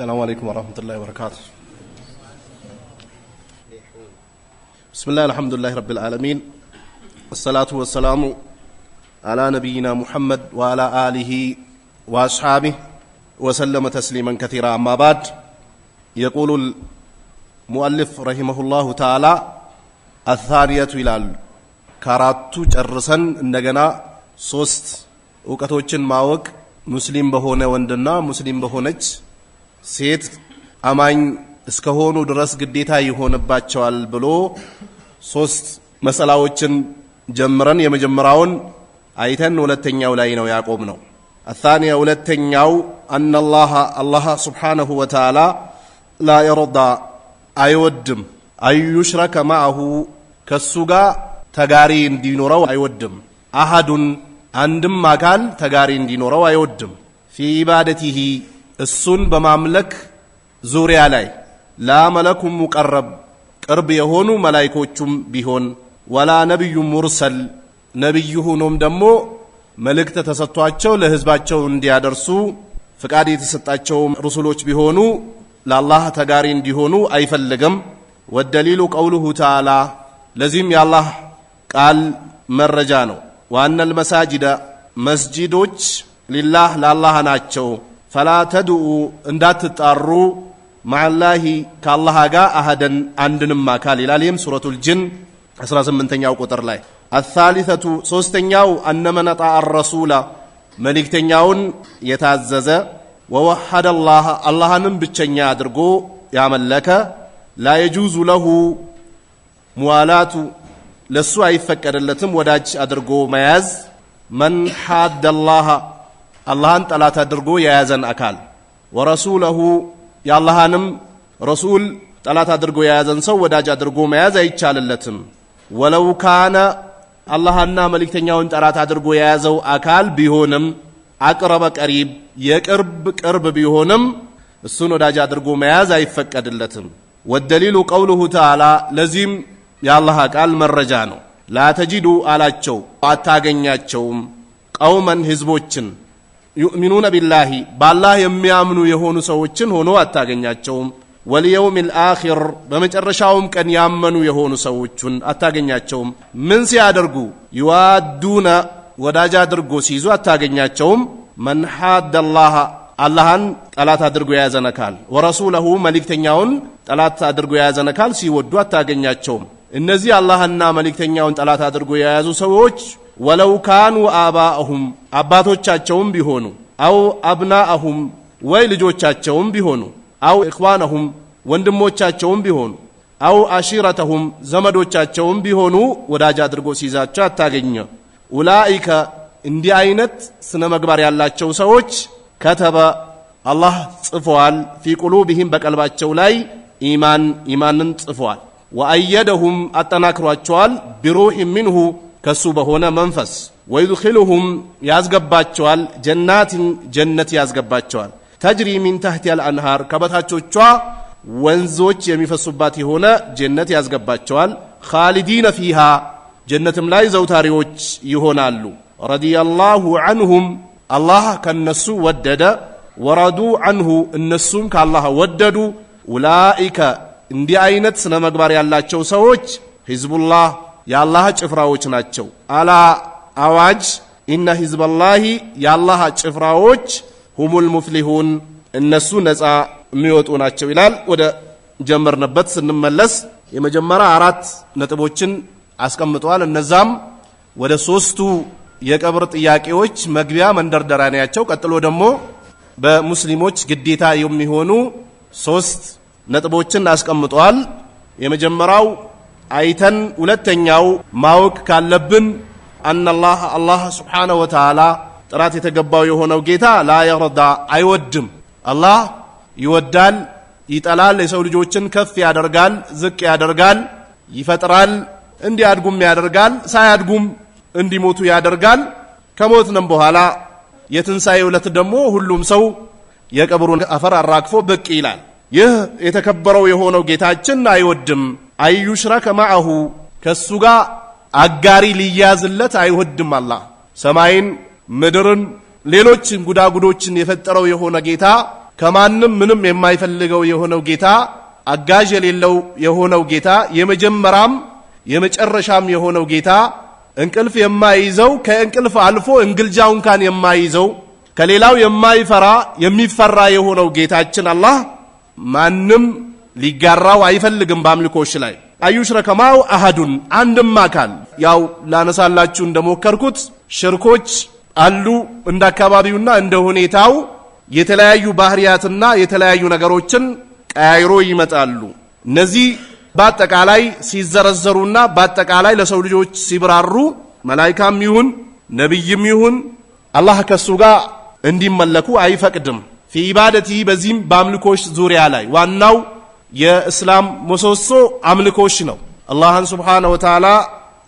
السلام عليكم ورحمة الله وبركاته بسم الله الحمد لله رب العالمين والصلاة والسلام على نبينا محمد وعلى آله وأصحابه وسلم تسليما كثيرا أما بعد يقول المؤلف رحمه الله تعالى الثانية إلى ከአራቱ جرسا نجنا صوست وكتوشن ماوك مسلم بهونه وندنا مسلم بهونج ሴት አማኝ እስከሆኑ ድረስ ግዴታ ይሆንባቸዋል ብሎ ሶስት መሰላዎችን ጀምረን የመጀመሪያውን አይተን ሁለተኛው ላይ ነው ያቆም ነው። አታንያ ሁለተኛው አናላህ አላህ ስብሓነሁ ወተዓላ ላ የረዳ አይወድም አዩሽረከ ማአሁ ከሱ ጋር ተጋሪ እንዲኖረው አይወድም። አሃዱን አንድም አካል ተጋሪ እንዲኖረው አይወድም ፊ ኢባደቲሂ እሱን በማምለክ ዙሪያ ላይ ላ ሙቀረብ ቅርብ የሆኑ መላይኮቹም ቢሆን ወላ ነቢዩ ሙርሰል ነቢይ ሆኖም ደግሞ መልእክት ተሰጥቷቸው ለህዝባቸው እንዲያደርሱ ፍቃድ የተሰጣቸው ሩሱሎች ቢሆኑ ለአላህ ተጋሪ እንዲሆኑ አይፈልግም። ወደሊሉ ቀውሉሁ ተዓላ ለዚህም የአላህ ቃል መረጃ ነው። ዋነል መሳጅደ መስጂዶች ሊላህ ለአላህ ናቸው። ፈላ ተድኡ እንዳትጣሩ ማዓላሂ ከአላሃ ጋር አህደን አንድንም አካል ይላል። ይህም ሱረቱል ጅን 18ኛው ቁጥር ላይ አሳሊሰቱ ሶስተኛው አነመነጣ አረሱላ መልእክተኛውን የታዘዘ ወወሐደ ላህ አላህንም ብቸኛ አድርጎ ያመለከ ላየጁዙ ለሁ ሙዋላቱ ለሱ አይፈቀደለትም ወዳጅ አድርጎ መያዝ መን ሓደ ላህ አላህን ጠላት አድርጎ የያዘን አካል ወረሱለሁ የአላህንም ረሱል ጠላት አድርጎ የያዘን ሰው ወዳጅ አድርጎ መያዝ አይቻልለትም። ወለው ካነ አላህና መልእክተኛውን ጠላት አድርጎ የያዘው አካል ቢሆንም አቅረበ ቀሪብ የቅርብ ቅርብ ቢሆንም እሱን ወዳጅ አድርጎ መያዝ አይፈቀድለትም። ወደሊሉ ቀውሉሁ ተዓላ ለዚህም የአላህ ቃል መረጃ ነው። ላተጂዱ አላቸው አታገኛቸውም ቀውመን ህዝቦችን ዩእሚኑነ ቢላሂ በአላህ የሚያምኑ የሆኑ ሰዎችን ሆኖ አታገኛቸውም። ወልየውም ልአኪር በመጨረሻውም ቀን ያመኑ የሆኑ ሰዎችን አታገኛቸውም። ምን ሲያደርጉ ዩዋዱነ ወዳጅ አድርጎ ሲይዙ አታገኛቸውም። መን ሓደ አላህን ጠላት አድርጎ የያዘን አካል ወረሱለሁ መልእክተኛውን ጠላት አድርጎ የያዘን አካል ሲወዱ አታገኛቸውም። እነዚህ አላህና መልእክተኛውን ጠላት አድርጎ የያዙ ሰዎች ወለው ካኑ አባአሁም አባቶቻቸውም ቢሆኑ አው አብናአሁም ወይ ልጆቻቸውም ቢሆኑ አው እኽዋነሁም ወንድሞቻቸውም ቢሆኑ አው አሺረተሁም ዘመዶቻቸውም ቢሆኑ ወዳጅ አድርጎ ሲይዛቸው አታገኘ። ኡላኢከ እንዲህ አይነት ስነ መግባር ያላቸው ሰዎች ከተበ አላህ ጽፈዋል፣ ፊ ቁሉብህም በቀልባቸው ላይ ኢማን ኢማንን ጽፈዋል። ወአየደሁም አጠናክሯቸዋል፣ ቢሩህ ሚንሁ ከሱ በሆነ መንፈስ ወይድኪልሁም ያስገባቸዋል፣ ጀናትን ጀነት ያስገባቸዋል። ተጅሪ ሚን ታህቲያል አንሃር ከበታቾቿ ወንዞች የሚፈሱባት የሆነ ጀነት ያስገባቸዋል። ኻሊዲነ ፊሃ ጀነትም ላይ ዘውታሪዎች ይሆናሉ። ረዲየላሁ አንሁም አላህ ከነሱ ወደደ። ወረዱ አንሁ እነሱም ከአላህ ወደዱ። ኡላኢከ እንዲህ አይነት ስነ ምግባር ያላቸው ሰዎች ሂዝቡላህ የአላህ ጭፍራዎች ናቸው። አላ አዋጅ ኢነ ሂዝበላሂ የአላህ ጭፍራዎች ሁሙል ሙፍሊሁን እነሱ ነፃ የሚወጡ ናቸው ይላል። ወደ ጀመርንበት ስንመለስ የመጀመሪያ አራት ነጥቦችን አስቀምጠዋል። እነዛም ወደ ሶስቱ የቀብር ጥያቄዎች መግቢያ መንደርደሪያ ናቸው። ቀጥሎ ደግሞ በሙስሊሞች ግዴታ የሚሆኑ ሶስት ነጥቦችን አስቀምጠዋል። የመጀመሪያው አይተን ሁለተኛው ማወቅ ካለብን አናላህ አላህ ስብሓነሁ ወተዓላ ጥራት የተገባው የሆነው ጌታ ላ የርዳ አይወድም። አላህ ይወዳል፣ ይጠላል። የሰው ልጆችን ከፍ ያደርጋል፣ ዝቅ ያደርጋል፣ ይፈጥራል፣ እንዲያድጉም ያደርጋል፣ ሳያድጉም እንዲሞቱ ያደርጋል። ከሞትንም በኋላ የትንሣኤ ዕለት ደግሞ ሁሉም ሰው የቀብሩን አፈር አራግፎ ብቅ ይላል። ይህ የተከበረው የሆነው ጌታችን አይወድም። አዩሽረከ ማዐሁ ከእሱ ጋር አጋሪ ሊያዝለት አይወድም። አላህ ሰማይን ምድርን፣ ሌሎችን ጉዳጉዶችን የፈጠረው የሆነ ጌታ ከማንም ምንም የማይፈልገው የሆነው ጌታ አጋዥ የሌለው የሆነው ጌታ የመጀመሪያም የመጨረሻም የሆነው ጌታ እንቅልፍ የማይይዘው ከእንቅልፍ አልፎ እንግልጃው እንኳን የማይይዘው ከሌላው የማይፈራ የሚፈራ የሆነው ጌታችን አላህ ማንም ሊጋራው አይፈልግም። በአምልኮች ላይ አዩሽረከማው አሃዱን አንድም አካል ያው ላነሳላችሁ እንደሞከርኩት ሽርኮች አሉ እንደ አካባቢውና እንደ ሁኔታው የተለያዩ ባህሪያትና የተለያዩ ነገሮችን ቀያይሮ ይመጣሉ። እነዚህ በአጠቃላይ ሲዘረዘሩና በአጠቃላይ ለሰው ልጆች ሲብራሩ መላይካም ይሁን ነቢይም ይሁን አላህ ከሱ ጋር እንዲመለኩ አይፈቅድም። ፊ ኢባደቲ በዚህም በአምልኮች ዙሪያ ላይ ዋናው የእስላም ምሰሶ አምልኮሽ ነው። አላህን ሱብሓነሁ ወተዓላ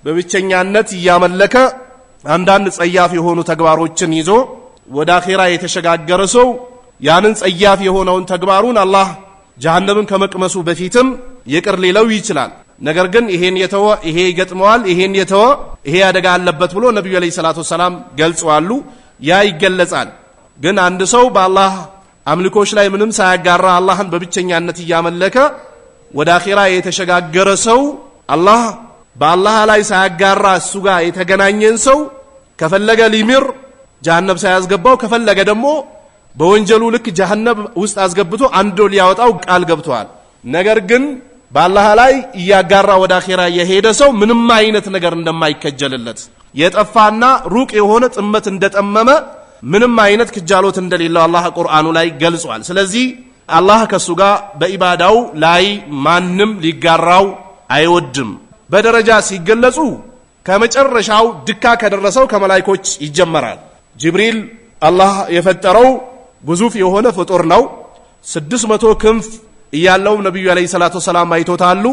በብቸኛነት እያመለከ አንዳንድ ጸያፍ የሆኑ ተግባሮችን ይዞ ወደ አኼራ የተሸጋገረ ሰው ያንን ጸያፍ የሆነውን ተግባሩን አላህ ጀሃነምን ከመቅመሱ በፊትም ይቅር ሊለው ይችላል። ነገር ግን ይሄን የተወ ይሄ ይገጥመዋል፣ ይሄን የተወ ይሄ አደጋ አለበት ብሎ ነቢዩ ዓለይሂ ሰላቱ ወሰላም ገልጸዋሉ። ያ ይገለጻል። ግን አንድ ሰው በአላህ አምልኮች ላይ ምንም ሳያጋራ አላህን በብቸኛነት እያመለከ ወደ አኼራ የተሸጋገረ ሰው አላህ በአላህ ላይ ሳያጋራ እሱ ጋር የተገናኘን ሰው ከፈለገ ሊምር ጀሃነብ ሳያስገባው ከፈለገ ደግሞ በወንጀሉ ልክ ጀሀነብ ውስጥ አስገብቶ አንዶ ሊያወጣው ቃል ገብቷል። ነገር ግን በአላህ ላይ እያጋራ ወደ አኼራ የሄደ ሰው ምንም አይነት ነገር እንደማይከጀልለት የጠፋና ሩቅ የሆነ ጥመት እንደጠመመ ምንም አይነት ክጃሎት እንደሌለው አላህ ቁርአኑ ላይ ገልጿል። ስለዚህ አላህ ከእሱ ጋር በኢባዳው ላይ ማንም ሊጋራው አይወድም። በደረጃ ሲገለጹ ከመጨረሻው ድካ ከደረሰው ከመላይኮች ይጀመራል። ጅብሪል አላህ የፈጠረው ግዙፍ የሆነ ፍጡር ነው። ስድስት መቶ ክንፍ እያለው ነቢዩ ዓለይሂ ሰላቱ ወሰላም አይቶታሉ።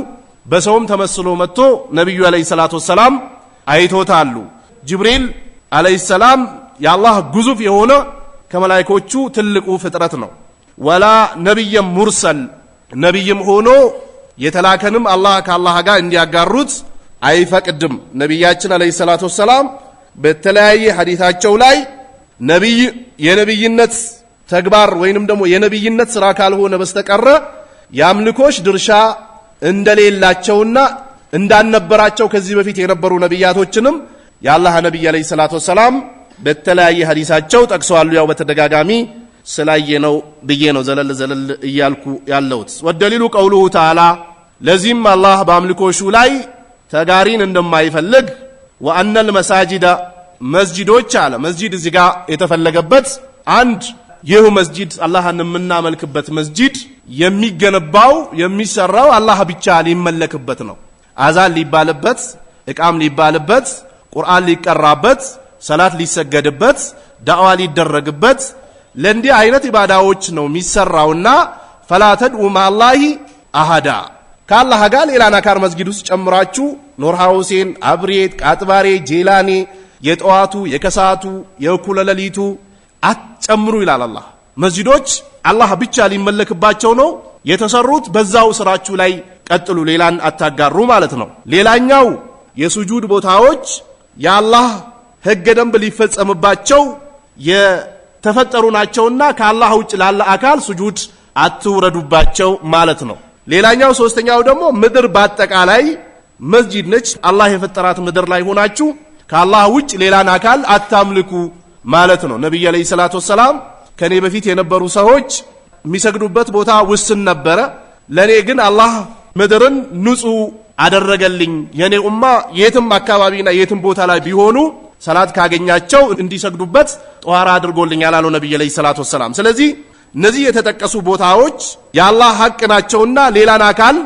በሰውም ተመስሎ መጥቶ ነቢዩ ዓለይሂ ሰላቱ ወሰላም አይቶታሉ። ጅብሪል ዓለይሂ ሰላም የአላህ ግዙፍ የሆነ ከመላይኮቹ ትልቁ ፍጥረት ነው። ወላ ነቢየም ሙርሰል ነቢይም ሆኖ የተላከንም አላህ ከአላህ ጋር እንዲያጋሩት አይፈቅድም። ነቢያችን አለይሂ ሰላቱ ወሰላም በተለያየ ሐዲታቸው ላይ ነቢይ የነቢይነት ተግባር ወይንም ደግሞ የነቢይነት ስራ ካልሆነ በስተቀረ የአምልኮች ድርሻ እንደሌላቸውና እንዳልነበራቸው ከዚህ በፊት የነበሩ ነቢያቶችንም የአላህ ነቢይ አለይሂ ሰላቱ ወሰላም በተለያየ ሀዲሳቸው ጠቅሰዋሉ። ያው በተደጋጋሚ ስላየ ነው ብዬ ነው ዘለል ዘለል እያልኩ ያለሁት። ወደሊሉ ቀውሉሁ ተዓላ ለዚህም አላህ በአምልኮሹ ላይ ተጋሪን እንደማይፈልግ ወአነል መሳጅደ መስጂዶች አለ። መስጂድ እዚህ የተፈለገበት አንድ ይህ መስጂድ አላህን የምናመልክበት መስጂድ የሚገነባው የሚሰራው አላህ ብቻ ሊመለክበት ነው። አዛን ሊባልበት፣ እቃም ሊባልበት፣ ቁርአን ሊቀራበት ሰላት ሊሰገድበት ዳዕዋ ሊደረግበት ለእንዲህ አይነት ኢባዳዎች ነው የሚሰራውና ፈላ ተድዑ ማላሂ አሃዳ ከአላህ ጋር ሌላን አካር መስጊድ ውስጥ ጨምራችሁ ኖርሃ ሁሴን፣ አብሬት፣ ቃጥባሬ፣ ጄላኔ የጠዋቱ የከሳቱ የእኩለ ሌሊቱ አትጨምሩ ይላል አላህ። መስጂዶች አላህ ብቻ ሊመለክባቸው ነው የተሰሩት። በዛው ስራችሁ ላይ ቀጥሉ፣ ሌላን አታጋሩ ማለት ነው። ሌላኛው የሱጁድ ቦታዎች የአላህ ህገ ደንብ ሊፈጸምባቸው የተፈጠሩ ናቸውና ከአላህ ውጭ ላለ አካል ስጁድ አትውረዱባቸው ማለት ነው። ሌላኛው ሶስተኛው ደግሞ ምድር በአጠቃላይ መስጂድ ነች። አላህ የፈጠራት ምድር ላይ ሆናችሁ ከአላህ ውጭ ሌላን አካል አታምልኩ ማለት ነው። ነቢይ ዓለይሂ ሰላቱ ወሰላም ከእኔ በፊት የነበሩ ሰዎች የሚሰግዱበት ቦታ ውስን ነበረ። ለእኔ ግን አላህ ምድርን ንጹህ አደረገልኝ። የእኔ ኡማ የትም አካባቢና የትም ቦታ ላይ ቢሆኑ ሰላት ካገኛቸው እንዲሰግዱበት ጠኋራ አድርጎልኛል አለው ነቢይ ዓለይሂ ሰላቱ ወሰላም። ስለዚህ እነዚህ የተጠቀሱ ቦታዎች የአላህ ሐቅ ናቸውና ሌላን አካል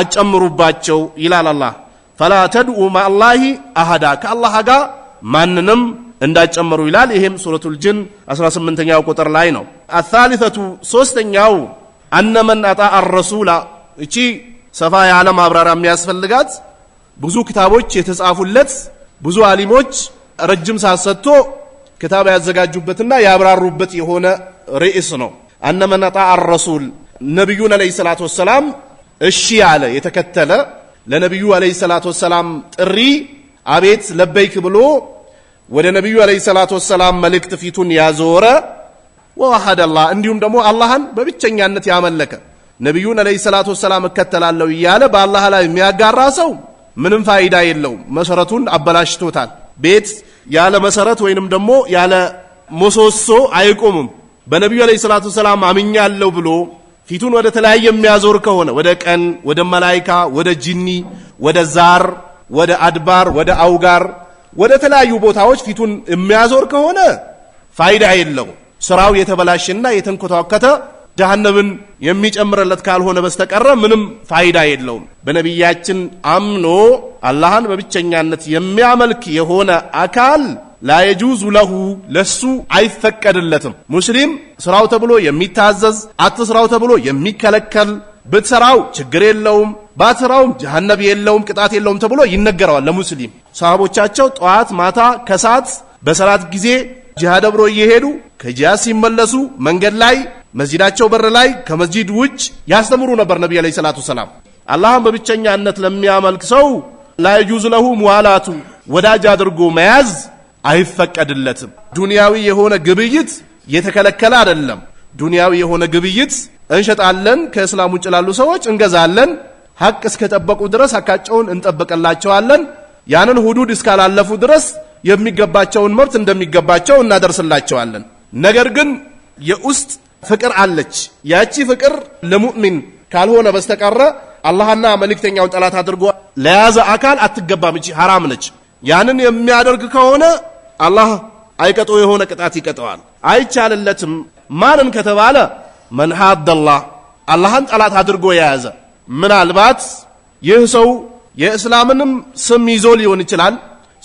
አጨምሩባቸው ይላል አላህ። ፈላ ተድኡ ማአላሂ አሃዳ ከአላህ ጋር ማንንም እንዳጨመሩ ይላል። ይህም ሱረቱል ጅን 18ኛው ቁጥር ላይ ነው። አሳሊሰቱ ሶስተኛው አነ መን አጣ አረሱላ እቺ ሰፋ የዓለም አብራሪያ የሚያስፈልጋት ብዙ ክታቦች የተጻፉለት ብዙ አሊሞች ረጅም ሰዓት ሰጥቶ ክታብ ያዘጋጁበትና ያብራሩበት የሆነ ርዕስ ነው። አነመን አጣዐ ረሱል ነቢዩን አለይሂ ሰላቱ ወሰላም እሺ ያለ የተከተለ ለነቢዩ አለይሂ ሰላት ወሰላም ጥሪ አቤት ለበይክ ብሎ ወደ ነቢዩ አለይሂ ሰላቱ ወሰላም መልእክት ፊቱን ያዞረ ወዋሐደ እንዲሁም ደግሞ አላህን በብቸኛነት ያመለከ ነቢዩን አለይሂ ሰላቱ ወሰላም እከተላለሁ እያለ በአላህ ላይ የሚያጋራ ሰው ምንም ፋይዳ የለውም። መሰረቱን አበላሽቶታል። ቤት ያለ መሰረት ወይንም ደግሞ ያለ ምሰሶ አይቆምም። በነቢዩ ዓለይሂ ሰላቱ ሰላም አምኛለሁ ብሎ ፊቱን ወደ ተለያየ የሚያዞር ከሆነ ወደ ቀን፣ ወደ መላይካ፣ ወደ ጂኒ፣ ወደ ዛር፣ ወደ አድባር፣ ወደ አውጋር፣ ወደ ተለያዩ ቦታዎች ፊቱን የሚያዞር ከሆነ ፋይዳ የለው። ስራው የተበላሸና የተንኮታከተ ጀሃነብን የሚጨምረለት ካልሆነ በስተቀረ ምንም ፋይዳ የለውም። በነቢያችን አምኖ አላህን በብቸኛነት የሚያመልክ የሆነ አካል ላየጁዙ ለሁ ለሱ አይፈቀድለትም። ሙስሊም ስራው ተብሎ የሚታዘዝ አትስራው ተብሎ የሚከለከል ብትሰራው ችግር የለውም ባትሰራውም ጀሃነብ የለውም ቅጣት የለውም ተብሎ ይነገረዋል ለሙስሊም። ሰሃቦቻቸው ጠዋት ማታ ከሰዓት በሰላት ጊዜ ጂሃድ አብሮ እየሄዱ ከጂሃድ ሲመለሱ መንገድ ላይ መስጂዳቸው በር ላይ ከመስጂድ ውጭ ያስተምሩ ነበር ነቢ ዓለይሂ ሰላቱ ሰላም። አላህን በብቸኛነት ለሚያመልክ ሰው ላየጁዝ ለሁ ሙዋላቱ ወዳጅ አድርጎ መያዝ አይፈቀድለትም። ዱንያዊ የሆነ ግብይት የተከለከለ አይደለም። ዱንያዊ የሆነ ግብይት እንሸጣለን፣ ከእስላም ውጭ ላሉ ሰዎች እንገዛለን። ሐቅ እስከጠበቁ ድረስ ሐቃቸውን እንጠበቅላቸዋለን። ያንን ሁዱድ እስካላለፉ ድረስ የሚገባቸውን መብት እንደሚገባቸው እናደርስላቸዋለን። ነገር ግን የውስጥ ፍቅር አለች። ያቺ ፍቅር ለሙእሚን ካልሆነ በስተቀረ አላህና መልእክተኛውን ጠላት አድርጎ ለያዘ አካል አትገባም። እቺ ሐራም ነች። ያንን የሚያደርግ ከሆነ አላህ አይቀጦ የሆነ ቅጣት ይቀጠዋል፣ አይቻልለትም። ማንን ከተባለ መን ሐደላህ አላህን ጠላት አድርጎ የያዘ ምናልባት ይህ ሰው የእስላምንም ስም ይዞ ሊሆን ይችላል።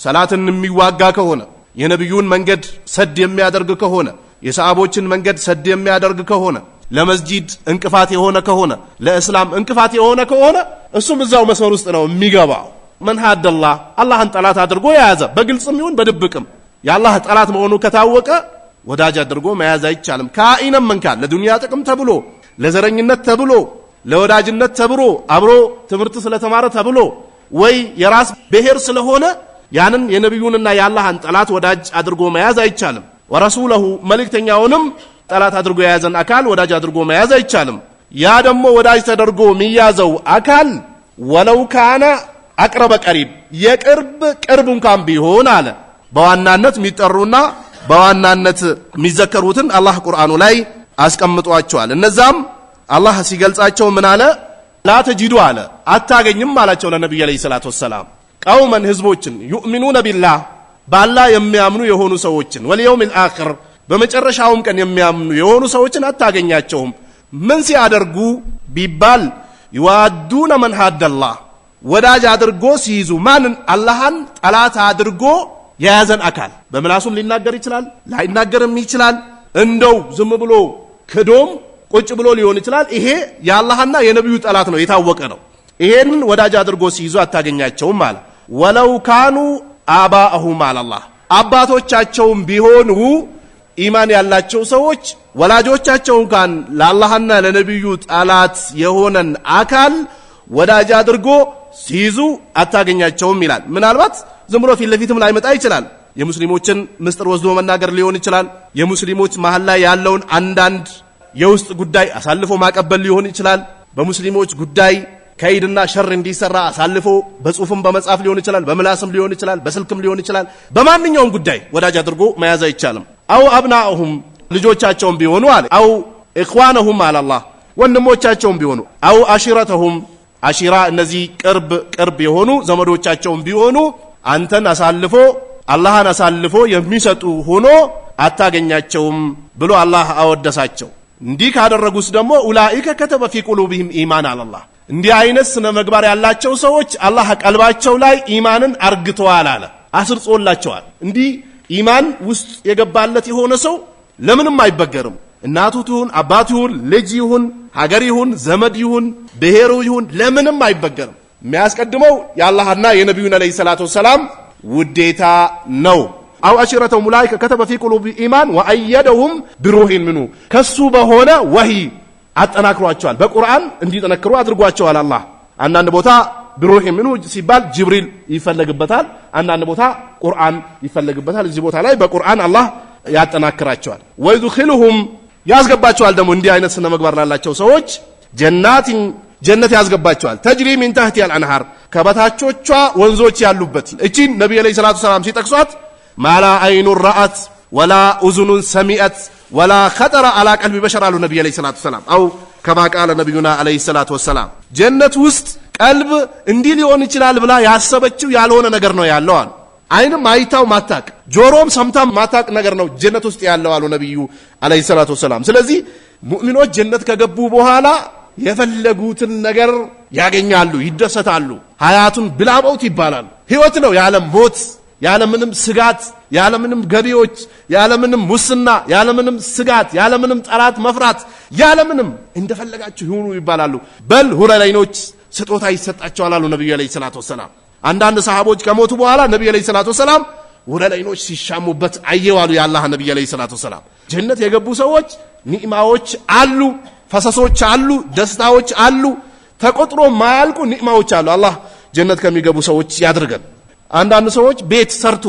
ሰላትን የሚዋጋ ከሆነ የነቢዩን መንገድ ሰድ የሚያደርግ ከሆነ የሰሃቦችን መንገድ ሰድ የሚያደርግ ከሆነ ለመስጂድ እንቅፋት የሆነ ከሆነ ለእስላም እንቅፋት የሆነ ከሆነ እሱም እዛው መስመር ውስጥ ነው የሚገባው። መን ሀደላህ አላህን ጠላት አድርጎ የያዘ በግልጽም ይሁን በድብቅም የአላህ ጠላት መሆኑ ከታወቀ ወዳጅ አድርጎ መያዝ አይቻልም። ከአይነም መንካል ለዱንያ ጥቅም ተብሎ ለዘረኝነት ተብሎ ለወዳጅነት ተብሎ አብሮ ትምህርት ስለተማረ ተብሎ ወይ የራስ ብሔር ስለሆነ ያንን የነቢዩንና የአላህን ጠላት ወዳጅ አድርጎ መያዝ አይቻልም። ወረሱለሁ መልእክተኛውንም ጠላት አድርጎ የያዘን አካል ወዳጅ አድርጎ መያዝ አይቻልም። ያ ደግሞ ወዳጅ ተደርጎ የሚያዘው አካል ወለው ካነ አቅረበ ቀሪብ የቅርብ ቅርብ እንኳን ቢሆን አለ በዋናነት የሚጠሩና በዋናነት የሚዘከሩትን አላህ ቁርአኑ ላይ አስቀምጧቸዋል። እነዛም አላህ ሲገልጻቸው ምን አለ? ላተጂዱ አለ አታገኝም አላቸው ለነቢዩ ዓለይሂ ሰላቱ ወሰላም ቀውመን ህዝቦችን ዩእሚኑነ ቢላህ በአላህ የሚያምኑ የሆኑ ሰዎችን ወልየውም አኺር በመጨረሻውም ቀን የሚያምኑ የሆኑ ሰዎችን አታገኛቸውም። ምን ሲያደርጉ ቢባል ይዋዱነ መን ሀደላህ ወዳጅ አድርጎ ሲይዙ ማንን? አላህን ጠላት አድርጎ የያዘን አካል በምላሱም ሊናገር ይችላል፣ ላይናገርም ይችላል። እንደው ዝም ብሎ ክዶም ቁጭ ብሎ ሊሆን ይችላል። ይሄ የአላህና የነቢዩ ጠላት ነው፣ የታወቀ ነው። ይሄንን ወዳጅ አድርጎ ሲይዙ አታገኛቸውም አለ ወለው ካኑ አባአሁም አላላህ አባቶቻቸውም ቢሆኑ ኢማን ያላቸው ሰዎች ወላጆቻቸው እንኳን ለአላህና ለነቢዩ ጠላት የሆነን አካል ወዳጅ አድርጎ ሲይዙ አታገኛቸውም ይላል። ምናልባት ዝም ብሎ ፊት ለፊትም ላይመጣ ይችላል። የሙስሊሞችን ምስጢር ወስዶ መናገር ሊሆን ይችላል። የሙስሊሞች መሀል ላይ ያለውን አንዳንድ የውስጥ ጉዳይ አሳልፎ ማቀበል ሊሆን ይችላል። በሙስሊሞች ጉዳይ ከይድና ሸር እንዲሰራ አሳልፎ በጽሁፍም በመጻፍ ሊሆን ይችላል፣ በምላስም ሊሆን ይችላል፣ በስልክም ሊሆን ይችላል። በማንኛውም ጉዳይ ወዳጅ አድርጎ መያዝ አይቻልም። አው አብናሁም ልጆቻቸውም ቢሆኑ አለ አው ኢኽዋነሁም አላላህ ወንድሞቻቸውም ቢሆኑ አው አሽረተሁም አሽራ እነዚህ ቅርብ ቅርብ የሆኑ ዘመዶቻቸውም ቢሆኑ አንተን አሳልፎ አላህን አሳልፎ የሚሰጡ ሆኖ አታገኛቸውም ብሎ አላህ አወደሳቸው። እንዲህ ካደረጉስ ደግሞ ኡላኢከ ከተበ ፊ ቁሉብህም ኢማን አላላህ እንዲህ አይነት ስነ መግባር ያላቸው ሰዎች አላህ ቀልባቸው ላይ ኢማንን አርግተዋል አለ አስርጾላቸዋል። እንዲህ ኢማን ውስጥ የገባለት የሆነ ሰው ለምንም አይበገርም። እናቱ ትሁን፣ አባት ይሁን፣ ልጅ ይሁን፣ ሀገር ይሁን፣ ዘመድ ይሁን፣ ብሔሩ ይሁን፣ ለምንም አይበገርም። የሚያስቀድመው የአላህና የነቢዩን ዓለይሂ ሰላቱ ወሰላም ውዴታ ነው። አው አሽረተሁም ኡላኢከ ከተበ ፊ ቁሉብ ኢማን ወአየደሁም ብሩሂን ምኑ ከሱ በሆነ ወሂ አጠናክሯቸዋል። በቁርአን እንዲጠነክሩ አድርጓቸዋል። አላህ አንዳንድ ቦታ ብሩህ ምኑ ሲባል ጅብሪል ይፈለግበታል። አንዳንድ ቦታ ቁርአን ይፈለግበታል። እዚህ ቦታ ላይ በቁርአን አላህ ያጠናክራቸዋል። ወይዱኪልሁም ያስገባቸዋል። ደግሞ እንዲህ አይነት ስነ መግባር ላላቸው ሰዎች ጀናትን ጀነት ያስገባቸዋል። ተጅሪ ሚን ታህቲሀል አንሃር ከበታቾቿ ወንዞች ያሉበት እቺን ነቢዩ ዓለይሂ ሰላቱ ሰላም ሲጠቅሷት ማላ አይኑ ረአት ወላ ኡዙኑን ሰሚአት ወላ ኸጠረ አላ ቀልቢ በሸር አሉ ነቢ ዓለይሂ ሰላቱ ወሰላም አው ከማ ቃለ ነቢዩና ዓለይሂ ሰላቱ ወሰላም ጀነት ውስጥ ቀልብ እንዲህ ሊሆን ይችላል ብላ ያሰበችው ያልሆነ ነገር ነው ያለው አሉ። አይንም አይታው ማታቅ ጆሮም ሰምታም ማታቅ ነገር ነው ጀነት ውስጥ ያለው አሉ ነቢዩ ዓለይሂ ሰላቱ ወሰላም። ስለዚህ ሙእሚኖች ጀነት ከገቡ በኋላ የፈለጉትን ነገር ያገኛሉ፣ ይደሰታሉ። ሀያቱን ብላበውት ይባላል። ህይወት ነው የዓለም ሞት ያለምንም ስጋት ያለምንም ገቢዎች ያለምንም ሙስና ያለምንም ስጋት ያለምንም ጠላት መፍራት ያለምንም እንደፈለጋችሁ ይሁኑ ይባላሉ። በል ሁለለይኖች ስጦታ ይሰጣቸዋል አሉ ነቢዩ ዐለይሂ ሰላቱ ወሰላም። አንዳንድ ሰሃቦች ከሞቱ በኋላ ነቢዩ ዐለይሂ ሰላቱ ወሰላም ሁለለይኖች ሲሻሙበት አየዋሉ። የአላህ ነቢዩ ዐለይሂ ሰላቱ ወሰላም ጀነት የገቡ ሰዎች ኒዕማዎች አሉ፣ ፈሰሶች አሉ፣ ደስታዎች አሉ፣ ተቆጥሮ ማያልቁ ኒዕማዎች አሉ። አላህ ጀነት ከሚገቡ ሰዎች ያድርገን። አንዳንድ ሰዎች ቤት ሰርቶ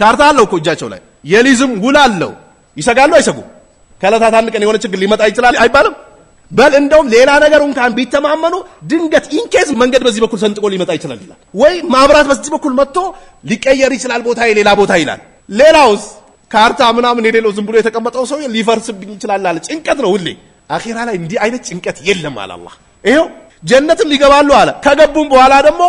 ካርታ አለው እኮ እጃቸው ላይ የሊዝም ውል አለው። ይሰጋሉ አይሰጉ ከእለታት አንድ ቀን የሆነ ችግር ሊመጣ ይችላል አይባልም? በል እንደውም ሌላ ነገር እንኳን ቢተማመኑ ድንገት ኢንኬዝ መንገድ በዚህ በኩል ሰንጥቆ ሊመጣ ይችላል ይላል። ወይ ማብራት በዚህ በኩል መጥቶ ሊቀየር ይችላል ቦታ ሌላ ቦታ ይላል። ሌላውስ ካርታ ምናምን የሌለው ዝም ብሎ የተቀመጠው ሰው ሊፈርስብኝ ይችላል አለ። ጭንቀት ነው ሁሌ። አኼራ ላይ እንዲህ አይነት ጭንቀት የለም አለ አላህ። ይኸው ጀነትም ይገባሉ አለ። ከገቡም በኋላ ደግሞ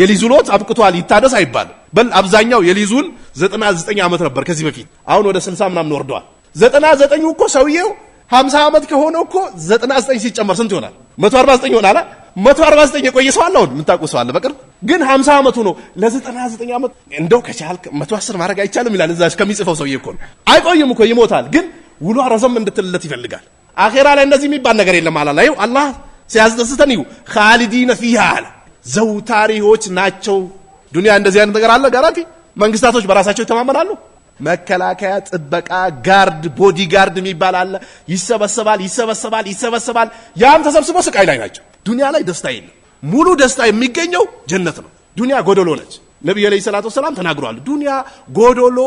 የሊዙሎት አብቅቷል ይታደስ አይባልም። በል አብዛኛው የሊዙን 99 ዓመት ነበር ከዚህ በፊት አሁን ወደ 60 ምናምን ወርደዋል። 99 እኮ ሰውየው 50 ዓመት ከሆነ እኮ 99 ሲጨመር ስንት ይሆናል? 149 ይሆናል። 149 የቆየ ሰው አለ። አሁን የምታውቁ ሰው አለ። በቅርብ ግን 50 ዓመቱ ነው። ለ99 ዓመት እንደው ከቻልክ 110 ማድረግ አይቻልም ይላል። እዛሽ ከሚጽፈው ሰውዬ እኮ ነው። አይቆይም እኮ ይሞታል። ግን ውሎ ረዘም እንድትልለት ይፈልጋል። አኼራ ላይ እንደዚህ የሚባል ነገር የለም አላላ። ይኸው አላህ ሲያስደስተን ይሁ ካሊዲነ ፊሃ አለ ዘውታሪዎች ናቸው። ዱንያ እንደዚህ አይነት ነገር አለ። ጋራንቲ መንግስታቶች በራሳቸው ይተማመናሉ። መከላከያ፣ ጥበቃ፣ ጋርድ፣ ቦዲ ጋርድ የሚባል አለ። ይሰበሰባል ይሰበሰባል ይሰበሰባል። ያም ተሰብስቦ ስቃይ ላይ ናቸው። ዱንያ ላይ ደስታ የለም። ሙሉ ደስታ የሚገኘው ጀነት ነው። ዱንያ ጎዶሎ ነች። ነቢዩ ዓለይሂ ሰላቱ ወሰላም ተናግረዋል። ዱንያ ጎዶሎ፣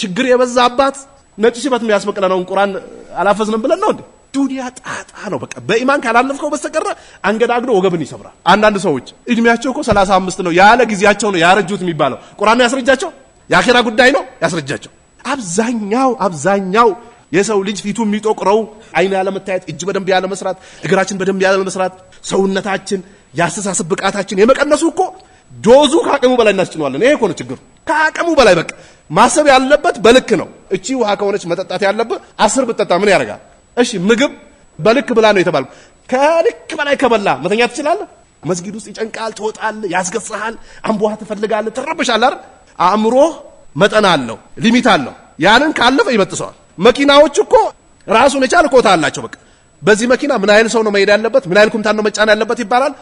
ችግር የበዛባት ነጭ ሽበት የሚያስበቅለነውን ቁርአን አላፈዝንም ብለን ነው እንዴ? ዱንያ ጣጣ ነው። በቃ በኢማን ካላለፍከው በስተቀረ አንገዳግዶ ወገብን ይሰብራል። አንዳንድ ሰዎች እድሜያቸው እኮ ሰላሳ ነው ያለ ጊዜያቸው ነው ያረጁት የሚባለው። ቁርአን ያስረጃቸው፣ የአኼራ ጉዳይ ነው ያስረጃቸው። አብዛኛው አብዛኛው የሰው ልጅ ፊቱ የሚጦቅረው አይን ያለመታየት፣ እጅ በደንብ ያለመስራት፣ እግራችን በደንብ ያለመስራት፣ ሰውነታችን የአስተሳሰብ ብቃታችን የመቀነሱ እኮ ዶዙ ከአቅሙ በላይ እናስጭነዋለን። ይሄ እኮ ነው ችግሩ። ከአቅሙ በላይ በቃ ማሰብ ያለበት በልክ ነው። እቺ ውሃ ከሆነች መጠጣት ያለበት አስር ብጠጣ ምን ያደርጋል? እሺ ምግብ በልክ ብላ ነው የተባልኩ። ከልክ በላይ ከበላ መተኛ ትችላለ? መስጊድ ውስጥ ይጨንቃል፣ ትወጣል፣ ያስገጽሃል፣ አምቦሃ ትፈልጋለ ትረብሻለህ አይደል? አእምሮህ መጠን አለው፣ ሊሚት አለው። ያንን ካለፈ ይበጥሰዋል። መኪናዎች እኮ ራሱን የቻለ ኮታ አላቸው። በቃ በዚህ መኪና ምን አይነት ሰው ነው መሄድ ያለበት፣ ምን አይነት ኩምታ ነው መጫን ያለበት ይባላል።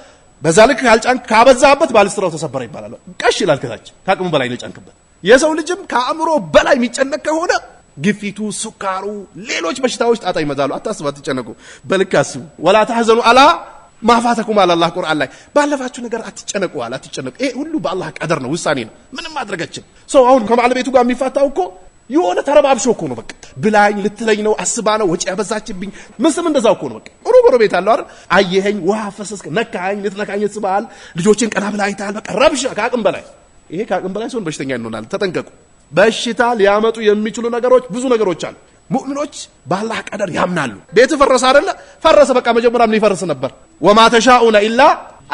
በዛ ልክ ካልጫንክ ካበዛበት ባልስትራው ተሰበረ ይባላል። ቀሽ ይላል ከታች ከአቅሙ በላይ ነው ጫንክበት። የሰው ልጅም ከአእምሮ በላይ የሚጨነቅ ከሆነ ግፊቱ፣ ሱካሩ፣ ሌሎች በሽታዎች ጣጣ ይመዛሉ። አታስቡ፣ አትጨነቁ፣ በልክ አስቡ። ወላ ተሐዘኑ አላ ማፋተኩም አላህ ቁርአን ላይ ባለፋችሁ ነገር አትጨነቁ አለ። አትጨነቁ፣ ይሄ ሁሉ በአላህ ቀደር ነው፣ ውሳኔ ነው። ምንም ማድረጋችን ሰው አሁን ከባለቤቱ ጋር የሚፋታው እኮ የሆነ ተረባብሾ እኮ ነው። በቃ ብላኝ ልትለኝ ነው፣ አስባ ነው፣ ወጪ ያበዛችብኝ፣ ምስም እንደዛው እኮ ነው። በቃ ጥሩ ቤት አለው አይደል? አየኸኝ፣ ውሃ ፈሰስክ፣ ነካኸኝ፣ ልትነካኝ ስበሃል፣ ልጆችን ቀና ብላ አይተሃል። በቃ ረብሻ ከአቅም በላይ ይሄ ከአቅም በላይ ሲሆን በሽተኛ እንሆናለን። ተጠንቀቁ። በሽታ ሊያመጡ የሚችሉ ነገሮች ብዙ ነገሮች አሉ። ሙእሚኖች በአላህ ቀደር ያምናሉ። ቤት ፈረሰ አይደለ? ፈረሰ በቃ መጀመሪያም ሊፈርስ ነበር። ወማ ተሻኡነ ኢላ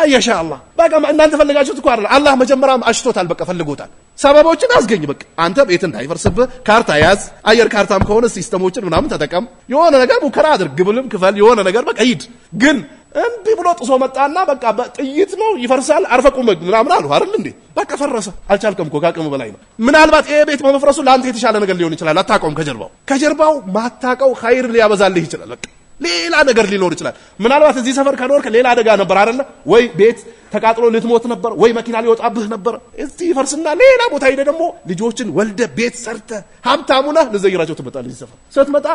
አየሻ አላህ። በቃ እናንተ ፈልጋችሁት እኮ አይደለ። አላህ መጀመሪያም አሽቶታል። በቃ ፈልጎታል። ሰበቦችን አስገኝ። በቃ አንተ ቤት እንዳይፈርስብህ ካርታ ያዝ። አየር ካርታም ከሆነ ሲስተሞችን ምናምን ተጠቀም። የሆነ ነገር ሙከራ አድርግ። ግብልም ክፈል። የሆነ ነገር በቃ ሂድ ግን እምቢ ብሎ ጥሶ መጣና በቃ በጥይት ነው ይፈርሳል። አርፈቁም ምናምን አሉ አይደል እንዴ? በቃ ፈረሰ። አልቻልከም እኮ ከአቅም በላይ ነው። ምናልባት ይሄ ቤት በመፍረሱ ለአንተ የተሻለ ነገር ሊሆን ይችላል። አታውቀውም። ከጀርባው ከጀርባው ማታውቀው ኸይር ሊያበዛልህ ይችላል። በቃ ሌላ ነገር ሊኖር ይችላል። ምናልባት እዚህ ሰፈር ከኖርክ ሌላ አደጋ ነበር አይደለ ወይ? ቤት ተቃጥሎ ልትሞት ነበር ወይ? መኪና ሊወጣብህ ነበር። እዚህ ፈርስና ሌላ ቦታ ሄደ ደግሞ ልጆችን ወልደ ቤት ሰርተ ሀብታሙና ልዘይራቸው እዚህ ሰፈር ስትመጣ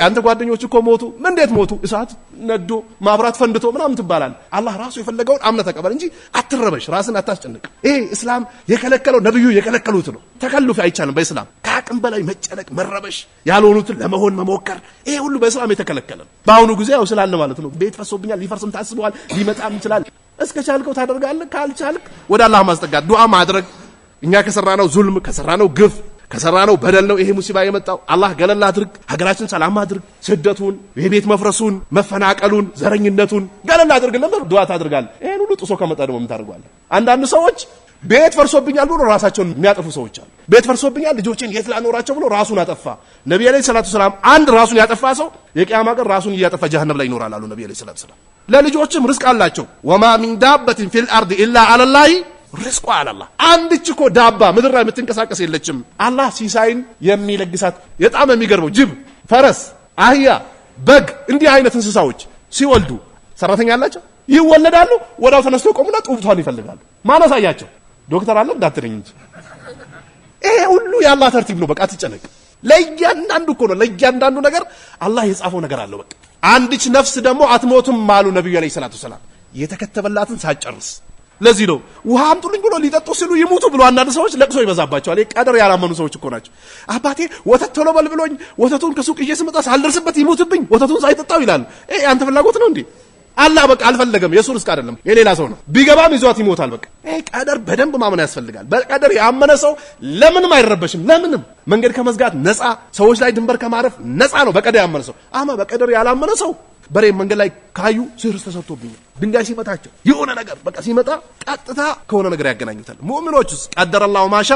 የአንተ ጓደኞች እኮ ሞቱ። እንዴት ሞቱ? እሳት ነዶ ማብራት ፈንድቶ ምናምን ትባላል። አላህ ራሱ የፈለገውን አምነ ተቀበል እንጂ አትረበሽ፣ ራስን አታስጨንቅ። ይሄ እስላም የከለከለው ነብዩ የከለከሉት ነው። ተከልፍ አይቻልም። በእስላም ከአቅም በላይ መጨነቅ፣ መረበሽ፣ ያልሆኑትን ለመሆን መሞከር፣ ይሄ ሁሉ በእስላም የተከለከለ ነው። በአሁኑ ጊዜ ያው ስላለ ማለት ነው። ቤት ፈሶብኛል፣ ሊፈርስም ታስበዋል፣ ሊመጣም ይችላል። እስከ ቻልከው ታደርጋለህ፣ ካልቻልክ ወደ አላህ ማስጠጋት፣ ዱዓ ማድረግ። እኛ ከሰራነው ዙልም ከሰራ ነው ግፍ ከሰራ ነው በደል ነው ይሄ ሙሲባ የመጣው። አላህ ገለል አድርግ፣ ሀገራችን ሰላም አድርግ፣ ስደቱን፣ የቤት መፍረሱን፣ መፈናቀሉን፣ ዘረኝነቱን ገለል አድርግ። ለምን ዱዓ ታድርጋለህ? ይሄን ሁሉ ጥሶ ከመጣ ደግሞ ምን ታደርጋለህ? አንዳንድ ሰዎች ቤት ፈርሶብኛል ብሎ ራሳቸውን የሚያጠፉ ሰዎች አሉ። ቤት ፈርሶብኛል ልጆችን የት ላኖራቸው ብሎ ራሱን አጠፋ። ነቢ ዐለይሂ ሰላቱ ሰላም አንድ ራሱን ያጠፋ ሰው የቅያማ ቀን ራሱን እያጠፋ ጀሃነም ላይ ይኖራል አሉ ነቢ ዐለይሂ ሰላቱ ሰላም። ለልጆችም ርስቅ አላቸው። ወማ ሚን ዳበትን ፊል አርድ ኢላ አለላሂ ርስቁ አላላህ። አንድች እኮ ዳባ ምድር ላይ የምትንቀሳቀስ የለችም አላህ ሲሳይን የሚለግሳት። በጣም የሚገርመው ጅብ፣ ፈረስ፣ አህያ፣ በግ እንዲህ አይነት እንስሳዎች ሲወልዱ ሰራተኛ አላቸው። ይወለዳሉ። ወዳው ተነስቶ ቆሙና ጡብቷን ይፈልጋሉ። ማን አሳያቸው? ዶክተር አለ እንዳትለኝ እንጂ ይሄ ሁሉ ያላ ተርቲብ ነው። በቃ አትጨነቅ። ለእያንዳንዱ እኮ ነው ለእያንዳንዱ ነገር አላህ የጻፈው ነገር አለው። በቃ አንድች ነፍስ ደግሞ አትሞትም አሉ ነቢዩ ዓለይሂ ሰላቱ ሰላም የተከተበላትን ሳጨርስ። ለዚህ ነው ውሃ አምጡልኝ ብሎ ሊጠጡ ሲሉ ይሙቱ ብሎ አንዳንድ ሰዎች ለቅሶ ይበዛባቸዋል። ቀደር ያላመኑ ሰዎች እኮ ናቸው። አባቴ ወተት ቶሎ በል ብሎኝ ወተቱን ከሱቅ ይዤ ስመጣ ሳልደርስበት ይሙትብኝ ወተቱን ሳይጠጣው ይላሉ። አንተ ፍላጎት ነው እንዴ? አላህ በቃ አልፈለገም። የሱ ርስቅ አይደለም፣ የሌላ ሰው ነው። ቢገባም ይዟት ይሞታል። በቃ ይሄ ቀደር በደንብ ማመን ያስፈልጋል። በቀደር ያመነ ሰው ለምንም አይረበሽም። ለምንም መንገድ ከመዝጋት ነፃ፣ ሰዎች ላይ ድንበር ከማረፍ ነፃ ነው በቀደር ያመነ ሰው። አማ በቀደር ያላመነ ሰው በሬ መንገድ ላይ ካዩ ስህር ተሰርቶብኛል፣ ድንጋይ ሲመታቸው የሆነ ነገር በቃ ሲመጣ ቀጥታ ከሆነ ነገር ያገናኙታል። ሙእሚኖችስ ቀደረላሁ ማሻ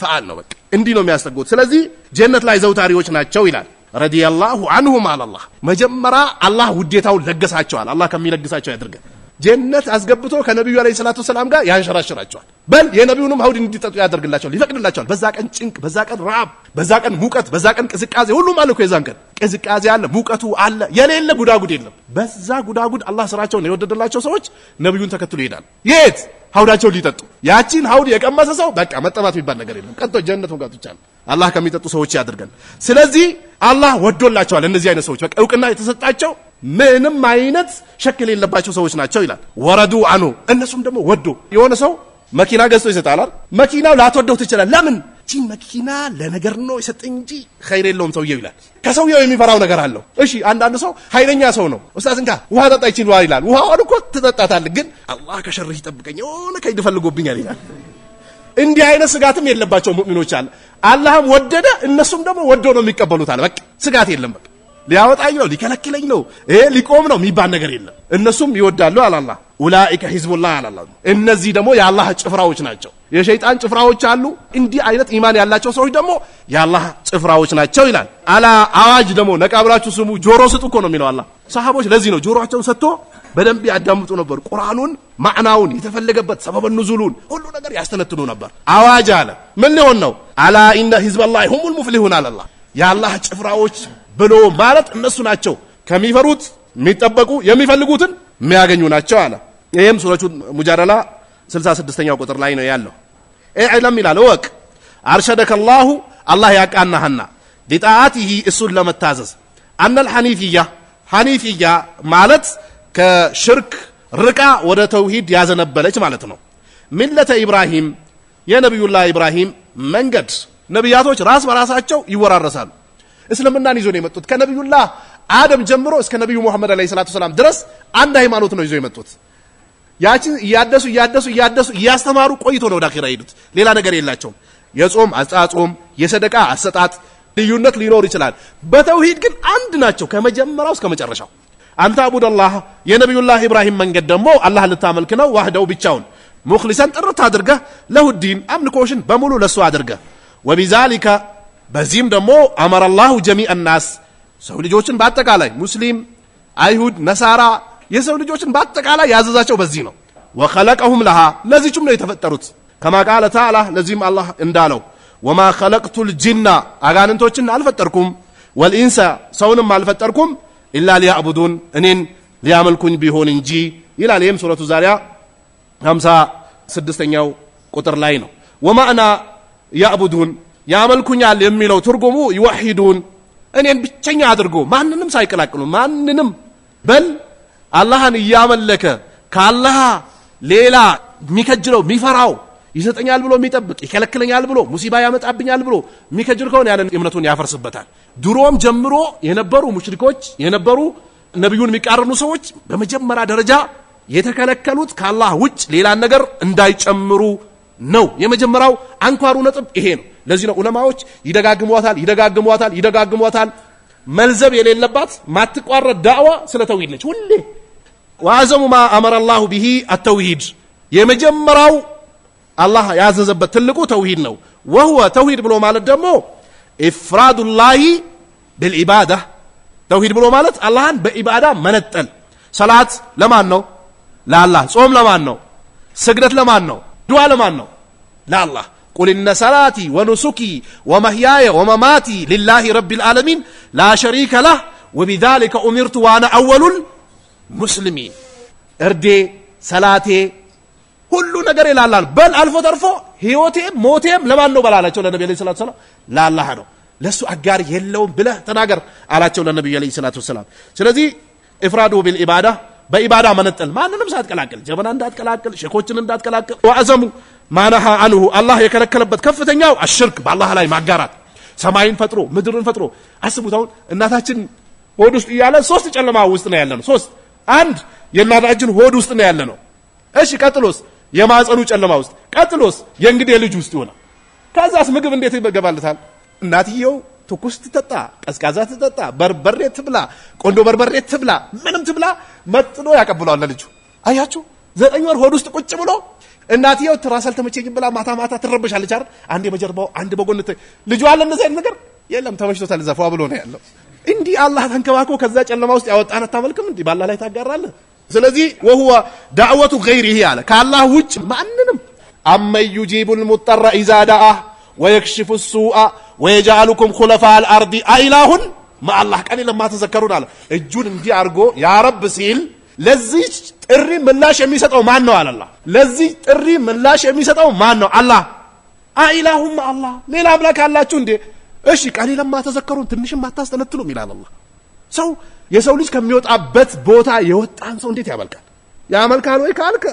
ፈአል ነው። በቃ እንዲህ ነው የሚያስጠጉት። ስለዚህ ጀነት ላይ ዘውታሪዎች ናቸው ይላል። ረዲየላሁ አንሁም አለ አላህ። መጀመሪያ አላህ ውዴታውን ለገሳቸዋል። አላህ ከሚለግሳቸው ያድርገን። ጀነት አስገብቶ ከነቢዩ አለይሂ ሰላቱ ሰላም ጋር ያንሸራሽራቸዋል። በል የነቢዩንም ሀውድ እንዲጠጡ ያደርግላቸዋል፣ ይፈቅድላቸዋል። በዛ ቀን ጭንቅ፣ በዛ ቀን ረዓብ፣ በዛ ቀን ሙቀት፣ በዛ ቀን ቅዝቃዜ፣ ሁሉም አለ እኮ የዛን ቀን ቅዝቃዜ አለ፣ ሙቀቱ አለ፣ የሌለ ጉዳጉድ የለም። በዛ ጉዳጉድ አላህ ስራቸውን የወደደላቸው ሰዎች ነቢዩን ተከትሎ ይሄዳል። የት ሀውዳቸውን ሊጠጡ ያቺን ሀውድ የቀመሰ ሰው በቃ መጠማት የሚባል ነገር የለም። ቀጥቶ ጀነት መግባት ብቻ ነው። አላህ ከሚጠጡ ሰዎች ያድርገን። ስለዚህ አላህ ወዶላቸዋል። እነዚህ አይነት ሰዎች በቃ እውቅና የተሰጣቸው ምንም አይነት ሸክል የለባቸው ሰዎች ናቸው ይላል። ወረዱ አኑ እነሱም ደግሞ ወዶ የሆነ ሰው መኪና ገዝቶ ይሰጣላል። መኪናው ላትወደው ትችላል። ለምን እቺ መኪና ለነገር ነው የሰጠኝ እንጂ ኸይር የለውም ሰውየው ይላል። ከሰውየው የሚፈራው ነገር አለው። እሺ አንዳንድ ሰው ኃይለኛ ሰው ነው። ኡስታዝ እንካ ውሃ ጠጣ ይችል ይላል። ውሃውን እኮ ትጠጣታል፣ ግን አላህ ከሸርህ ይጠብቀኝ የሆነ ከይድ ፈልጎብኛል ይላል። እንዲህ አይነት ስጋትም የለባቸው ሙእሚኖች አለ አላህም ወደደ፣ እነሱም ደግሞ ወደው ነው የሚቀበሉት አለ። በቃ ስጋት የለም። በቃ ሊያወጣኝ ነው ሊከለክለኝ ነው ይሄ ሊቆም ነው የሚባል ነገር የለም። እነሱም ይወዳሉ አላላ ኡላኢከ ሂዝቡላህ አላላ። እነዚህ ደግሞ የአላህ ጭፍራዎች ናቸው። የሸይጣን ጭፍራዎች አሉ። እንዲህ አይነት ኢማን ያላቸው ሰዎች ደግሞ የአላህ ጭፍራዎች ናቸው ይላል። አላ አዋጅ ደግሞ ነቃ ብላችሁ ስሙ፣ ጆሮ ስጡ እኮ ነው የሚለው አላ ሰሃቦች ለዚህ ነው ጆሮቸውን ሰጥቶ በደንብ ያዳምጡ ነበር። ቁርአኑን ማዕናውን፣ የተፈለገበት ሰበበ ኑዙሉን ሁሉ ነገር ያስተነትኑ ነበር። አዋጅ አለ። ምን ሊሆን ነው? አላ ኢነ ሂዝበላሂ ሁሙል ሙፍሊሁን አለላ የአላህ ጭፍራዎች ብሎ ማለት እነሱ ናቸው ከሚፈሩት የሚጠበቁ የሚፈልጉትን የሚያገኙ ናቸው አለ። ይህም ሱረቱ ሙጃደላ 66ኛው ቁጥር ላይ ነው ያለው። ኢዕለም ይላል እወቅ አርሸደከ ላሁ አላህ ያቃናህና ሊጣአትህ እሱን ለመታዘዝ አነል ሐኒፍያ ሐኒፍያ ማለት ከሽርክ ርቃ ወደ ተውሂድ ያዘነበለች ማለት ነው። ሚለተ ኢብራሂም የነቢዩላህ ኢብራሂም መንገድ ነቢያቶች ራስ በራሳቸው ይወራረሳሉ። እስልምናን ይዞ ነው የመጡት። ከነቢዩላህ አደም ጀምሮ እስከ ነቢዩ ሙሐመድ ዓለይሂ ሰላቱ ሰላም ድረስ አንድ ሃይማኖት ነው ይዞ የመጡት። ያችን እያደሱ እያደሱ እያደሱ እያስተማሩ ቆይቶ ነው ወደ አኺራ ሄዱት። ሌላ ነገር የላቸውም። የጾም አጻጾም፣ የሰደቃ አሰጣጥ ልዩነት ሊኖር ይችላል። በተውሂድ ግን አንድ ናቸው ከመጀመሪያው እስከ መጨረሻው። አንተ አቡደላህ የነቢዩላህ ኢብራሂም መንገድ ደግሞ አላህ ልታመልክ ነው ዋህደው ብቻውን ሙክሊሰን ጥርት አድርገ ለሁዲን አምልኮሽን በሙሉ ለሱ አድርገ ወቢዛሊከ በዚህም ደግሞ አመረላሁ ጀሚዕ ናስ ሰው ልጆችን በአጠቃላይ ሙስሊም፣ አይሁድ፣ ነሳራ የሰው ልጆችን በአጠቃላይ ያዘዛቸው በዚህ ነው። ወከለቀሁም ለሃ ለዚችም ነው የተፈጠሩት። ከማ ቃለ ተዓላ ለዚህም አላህ እንዳለው ወማ ኸለቅቱ ልጅና አጋንንቶችን አልፈጠርኩም፣ ወልኢንሰ ሰውንም አልፈጠርኩም ኢላ ሊያዕቡዱን እኔን ሊያመልኩኝ ቢሆን እንጂ ይላል። ይህም ሱረቱ ዛሪያ ሃምሳ ስድስተኛው ቁጥር ላይ ነው። ወማዕና ያዕቡዱን ያመልኩኛል የሚለው ትርጉሙ ይወሒዱን እኔን ብቸኛ አድርጎ ማንንም ሳይቀላቅሉ ማንንም በል አላህን እያመለከ ከአላህ ሌላ የሚከጅለው የሚፈራው ይሰጠኛል ብሎ የሚጠብቅ ይከለክለኛል ብሎ ሙሲባ ያመጣብኛል ብሎ የሚከጅር ከሆነ ያንን እምነቱን ያፈርስበታል። ድሮም ጀምሮ የነበሩ ሙሽሪኮች የነበሩ ነቢዩን የሚቃረኑ ሰዎች በመጀመሪያ ደረጃ የተከለከሉት ከአላህ ውጭ ሌላን ነገር እንዳይጨምሩ ነው። የመጀመሪያው አንኳሩ ነጥብ ይሄ ነው። ለዚህ ነው ዑለማዎች ይደጋግሟታል ይደጋግሟታል ይደጋግሟታል። መልዘብ የሌለባት ማትቋረጥ ዳዕዋ ስለ ተውሂድ ነች። ሁሌ ወአዘሙ ማ አመረ አላሁ ቢሂ አተውሂድ የመጀመሪያው አላህ ያዘዘበት ትልቁ ተውሂድ ነው። ወህወ ተውሂድ ብሎ ማለት ደግሞ ኢፍራዱላሂ ብልዒባዳ ተውሂድ ብሎ ማለት አላህን በኢባዳ መነጠል። ሰላት ለማን ነው? ለአላህ። ጾም ለማን ነው? ስግደት ለማን ነው? ዱዓ ለማን ነው? ለአላህ። ቁል እነ ሰላቲ ወኑሱኪ ወመህያየ ወመማቲ ሊላሂ ረቢል ዓለሚን ላ ሸሪከ ለህ ወቢዛሊከ ኡሚርቱ ዋነ አወሉል ሙስሊሚን። እርዴ ሰላቴ ሁሉ ነገር ይላላል በል አልፎ ተርፎ ህይወቴም ሞቴም ለማን ነው በላላቸው ለነቢ ለ ስላት ሰላም ለአላህ ነው ለእሱ አጋር የለውም ብለህ ተናገር አላቸው ለነቢዩ ለ ስላት ወሰላም ስለዚህ ኢፍራዱ ቢልኢባዳ በኢባዳ መነጠል ማንንም ሳትቀላቅል ጀበና እንዳትቀላቅል ሼኮችን እንዳትቀላቅል ወአዘሙ ማነሃ አንሁ አላህ የከለከለበት ከፍተኛው አሽርክ በአላህ ላይ ማጋራት ሰማይን ፈጥሮ ምድርን ፈጥሮ አስቡት አሁን እናታችን ሆድ ውስጥ እያለ ሶስት ጨለማ ውስጥ ነው ያለ ነው ሶስት አንድ የእናታችን ሆድ ውስጥ ነው ያለ ነው እሺ ቀጥሎስ የማጸኑ ጨለማ ውስጥ ቀጥሎስ የእንግዴ ልጅ ውስጥ ይሆናል። ከዛስ ምግብ እንዴት ይገባልታል? እናትየው ትኩስ ትጠጣ፣ ቀዝቃዛ ትጠጣ፣ በርበሬ ትብላ፣ ቆንዶ በርበሬ ትብላ፣ ምንም ትብላ፣ መጥኖ ያቀብለዋል ለልጁ። አያችሁ ዘጠኝ ወር ሆድ ውስጥ ቁጭ ብሎ እናትየው ትራሳል ተመቸኝ ብላ ማታ ማታ ትረብሻለች አይደል? አንዴ በጀርባው አንድ በጎን ልጁ አለ እንደዚህ አይነት ነገር የለም ተመችቶታል። ዘፏ ብሎ ነው ያለው። እንዲህ አላህ ተንከባክቦ ከዛ ጨለማ ውስጥ ያወጣን አታመልክም? እንዲህ ባላህ ላይ ታጋራለህ። ስለዚህ ወሁወ ዳዕወቱ ገይሪሂ አለ ከአላህ ውጭ ማንንም አመን ዩጂቡ ልሙጠራ ኢዛ ዳአህ ወየክሽፉ ሱአ ወየጃአሉኩም ኩለፋ አልአርዲ አይላሁን ማአላህ ቀን ለማተዘከሩን አለ። እጁን እንዲህ አድርጎ ያ ረብ ሲል ለዚህ ጥሪ ምላሽ የሚሰጠው ማን ነው? አላላ ለዚህ ጥሪ ምላሽ የሚሰጠው ማን ነው? አላህ አኢላሁም አላህ ሌላ አምላክ አላችሁ እንዴ? እሺ ቀሊለማ ተዘከሩን ትንሽም አታስተነትሉም ይላል አላህ ሰው የሰው ልጅ ከሚወጣበት ቦታ የወጣን ሰው እንዴት ያመልካል? ያመልካል ወይ ካልክ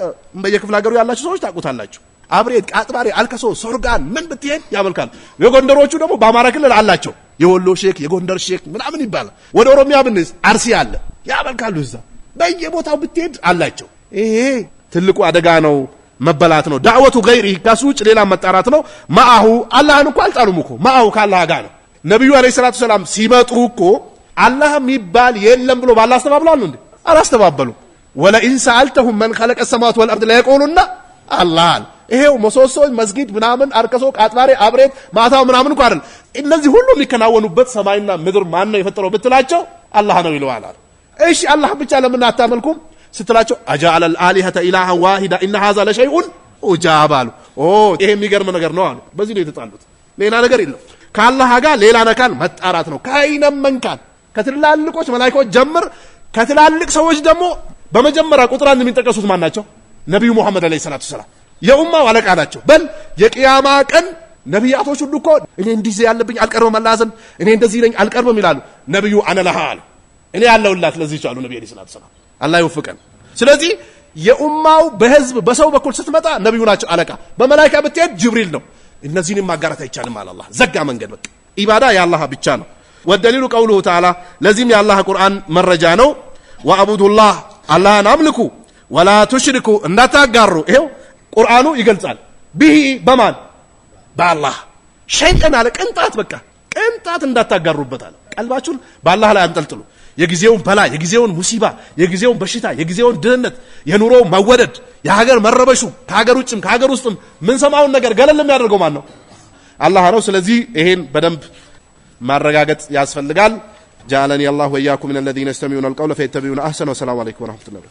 በየክፍለ ሀገሩ ያላችሁ ሰዎች ታውቁታላችሁ። አብሬት፣ ቃጥባሬ፣ አልከሶ፣ ሶርጋን ምን ብትሄን ያመልካል። የጎንደሮቹ ደግሞ በአማራ ክልል አላቸው። የወሎ ሼክ፣ የጎንደር ሼክ ምናምን ይባላል። ወደ ኦሮሚያ ብንስ አርሲ አለ፣ ያመልካሉ። እዛ በየቦታው ብትሄድ አላቸው። ይሄ ትልቁ አደጋ ነው። መበላት ነው። ዳዕወቱ ገይሪ ከሱ ውጭ ሌላ መጣራት ነው። ማአሁ አላህን እኮ አልጣሉም እኮ ማአሁ ከአላህ ጋር ነው። ነቢዩ አለይሂ ሰላቱ ሰላም ሲመጡ እኮ አላህ የሚባል የለም ብሎ ባላ አስተባብለዋል እንዴ? አላስተባበሉም። ወለኢን ሰአልተሁም መን ኸለቀ ሰማዋት ወልአርድ ለየቁሉና አላህ ይሄው መሶሶ፣ መስጊድ ምናምን፣ አርከሶ፣ ቃጥባሬ፣ አብሬት፣ ማታው ምናምን እኮ አይደል። እነዚህ ሁሉ የሚከናወኑበት ሰማይና ምድር ማን ነው የፈጠረው ብትላቸው አላህ ነው ይለዋል። እሺ አላህ ብቻ ለምን አታመልኩም ስትላቸው አጃአለ አልአሊሀተ ኢላሃን ዋሂዳ ኢነ ሃዛ ለሸይኡን ኡጃብ አሉ። ኦ ይሄ የሚገርም ነገር ነው አሉ። በዚህ ነው የተጣሉት። ሌላ ነገር የለም። ከአላህ ጋር ሌላ ነካን መጣራት ነው ከአይነም መንካን ከትላልቆች መላእክቶች ጀምር ከትላልቅ ሰዎች ደግሞ በመጀመሪያ ቁጥር አንድ የሚጠቀሱት ማን ናቸው? ነቢዩ ሙሐመድ አለይሂ ሰላቱ ሰላም የኡማው አለቃ ናቸው። በል የቅያማ ቀን ነቢያቶች ሁሉ እኮ እኔ እንዲህ ያለብኝ አልቀርብም አላዘን እኔ እንደዚህ ነኝ አልቀርብም ይላሉ። ነቢዩ አነላሃ አለ እኔ ያለውላት ለዚህ ይቻሉ ነቢ አለይሂ ሰላቱ ሰላም አላ ይወፍቀን። ስለዚህ የኡማው በህዝብ በሰው በኩል ስትመጣ ነቢዩ ናቸው አለቃ። በመላይካ ብትሄድ ጅብሪል ነው። እነዚህንም ማጋራት አይቻልም አለ አላህ። ዘጋ መንገድ በቃ ኢባዳ የአላህ ብቻ ነው። ወደሊሉ ቀውሉሁ ተዓላ ለዚህም የአላህ ቁርአን መረጃ ነው። ወአቡዱላህ አላህን አምልኩ ወላ ቱሽሪኩ እንዳታጋሩ። ይሄው ቁርአኑ ይገልጻል። ቢሂ በማን በአላህ ሸይጠን አለ ቅንጣት በቃ ቅንጣት እንዳታጋሩበት አለ። ቀልባችሁን በአላህ ላይ አንጠልጥሉ። የጊዜውን በላ፣ የጊዜውን ሙሲባ፣ የጊዜውን በሽታ፣ የጊዜውን ድህነት፣ የኑሮ መወደድ፣ የሀገር መረበሹ ከሀገር ውጭም ከሀገር ውስጥም ምን ሰማውን ነገር ገለል የሚያደርገው ማን ነው? አላህ ነው። ስለዚህ ይሄን በደንብ ማረጋገጥ ያስፈልጋል። ጃአለኒ አላሁ ወኢያኩም ሚነለዚነ የስተሚዑነ አልቀውለ ፈየተቢዑነ አሕሰነሁ። ወሰላሙ አለይኩም ወረሕመቱላሂ